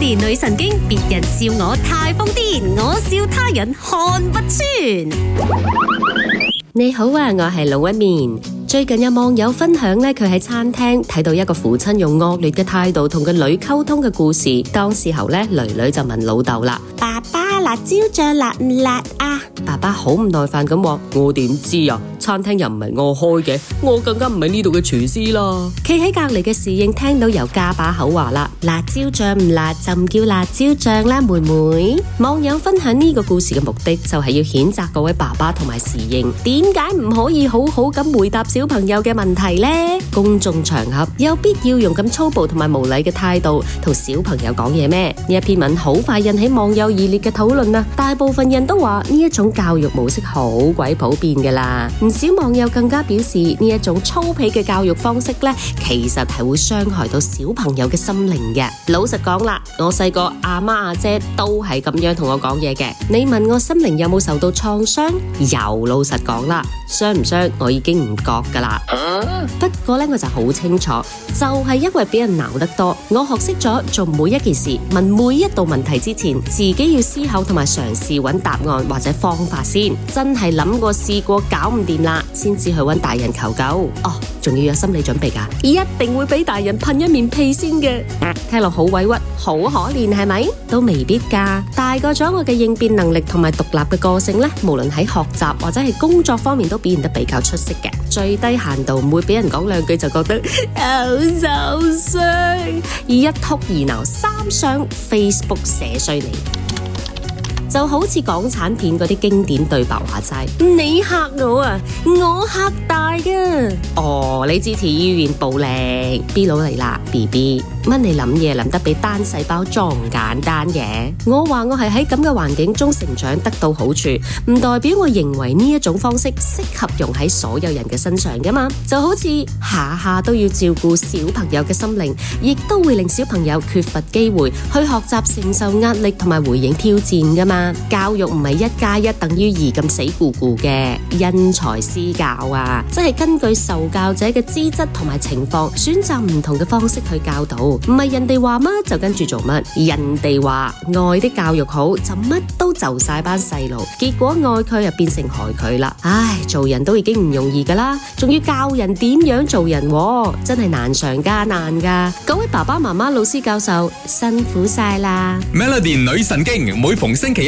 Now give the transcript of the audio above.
連女神經，別人笑我太瘋癲，我笑他人看不穿。你好啊，我係龍紋敏。最近有網友分享呢，佢喺餐廳睇到一個父親用惡劣嘅態度同個女溝通嘅故事。當時候呢，女女就問老豆啦。辣椒醬辣唔辣啊？爸爸好唔耐煩咁話：我點知啊？餐廳又唔係我開嘅，我更加唔係呢度嘅廚師啦。企喺隔籬嘅侍應聽到又加把口話啦：辣椒醬唔辣就唔叫辣椒醬啦，妹妹。網友分享呢個故事嘅目的就係要譴責嗰位爸爸同埋侍應，點解唔可以好好咁回答小朋友嘅問題呢？公眾場合有必要用咁粗暴同埋無禮嘅態度同小朋友講嘢咩？呢一篇文好快引起網友熱烈嘅討論。啦，大部分人都話呢一種教育模式好鬼普遍㗎喇，唔少網友更加表示呢一種粗鄙嘅教育方式呢，其實係會傷害到小朋友嘅心靈嘅。老實講啦，我細個阿媽阿姐都係咁樣同我講嘢嘅。你問我心靈有冇受到創傷？又老實講啦，傷唔傷我已經唔覺㗎喇。不過呢，我就好清楚，就係因為俾人鬧得多，我學識咗做每一件事，問每一道問題之前，自己要思考。同埋嘗試揾答案或者方法先，真係諗過試過搞唔掂啦，先至去揾大人求救。哦，仲要有心理準備噶，一定會俾大人噴一面屁先嘅。聽落好委屈，好可憐係咪？都未必噶。大個咗，我嘅應變能力同埋獨立嘅個性咧，無論喺學習或者係工作方面都表現得比較出色嘅。最低限度唔會俾人講兩句就覺得好受傷，一哭二鬧三上 Facebook 寫衰你。就好似港產片嗰啲經典對白話齋，你吓我啊，我吓大㗎。哦，你支持醫院暴力？B 佬嚟啦，B B，乜你諗嘢諗得比單細胞仲簡單嘅？我話我係喺咁嘅環境中成長，得到好處，唔代表我認為呢一種方式適合用喺所有人嘅身上㗎嘛。就好似下下都要照顧小朋友嘅心靈，亦都會令小朋友缺乏機會去學習承受壓力同埋回應挑戰㗎嘛。教育唔係一加一等於二咁死咕咕嘅。因材施教啊，即係根據受教者嘅資質同埋情況，選擇唔同嘅方式去教導。唔係人哋話乜就跟住做乜，人哋話愛的教育好，就乜都就晒班細路，結果愛佢又變成害佢啦。唉，做人都已經唔容易噶啦，仲要教人點樣做人，真係難上加難噶。各位爸爸媽媽、老師、教授，辛苦晒啦。Melody 女神經，每逢星期。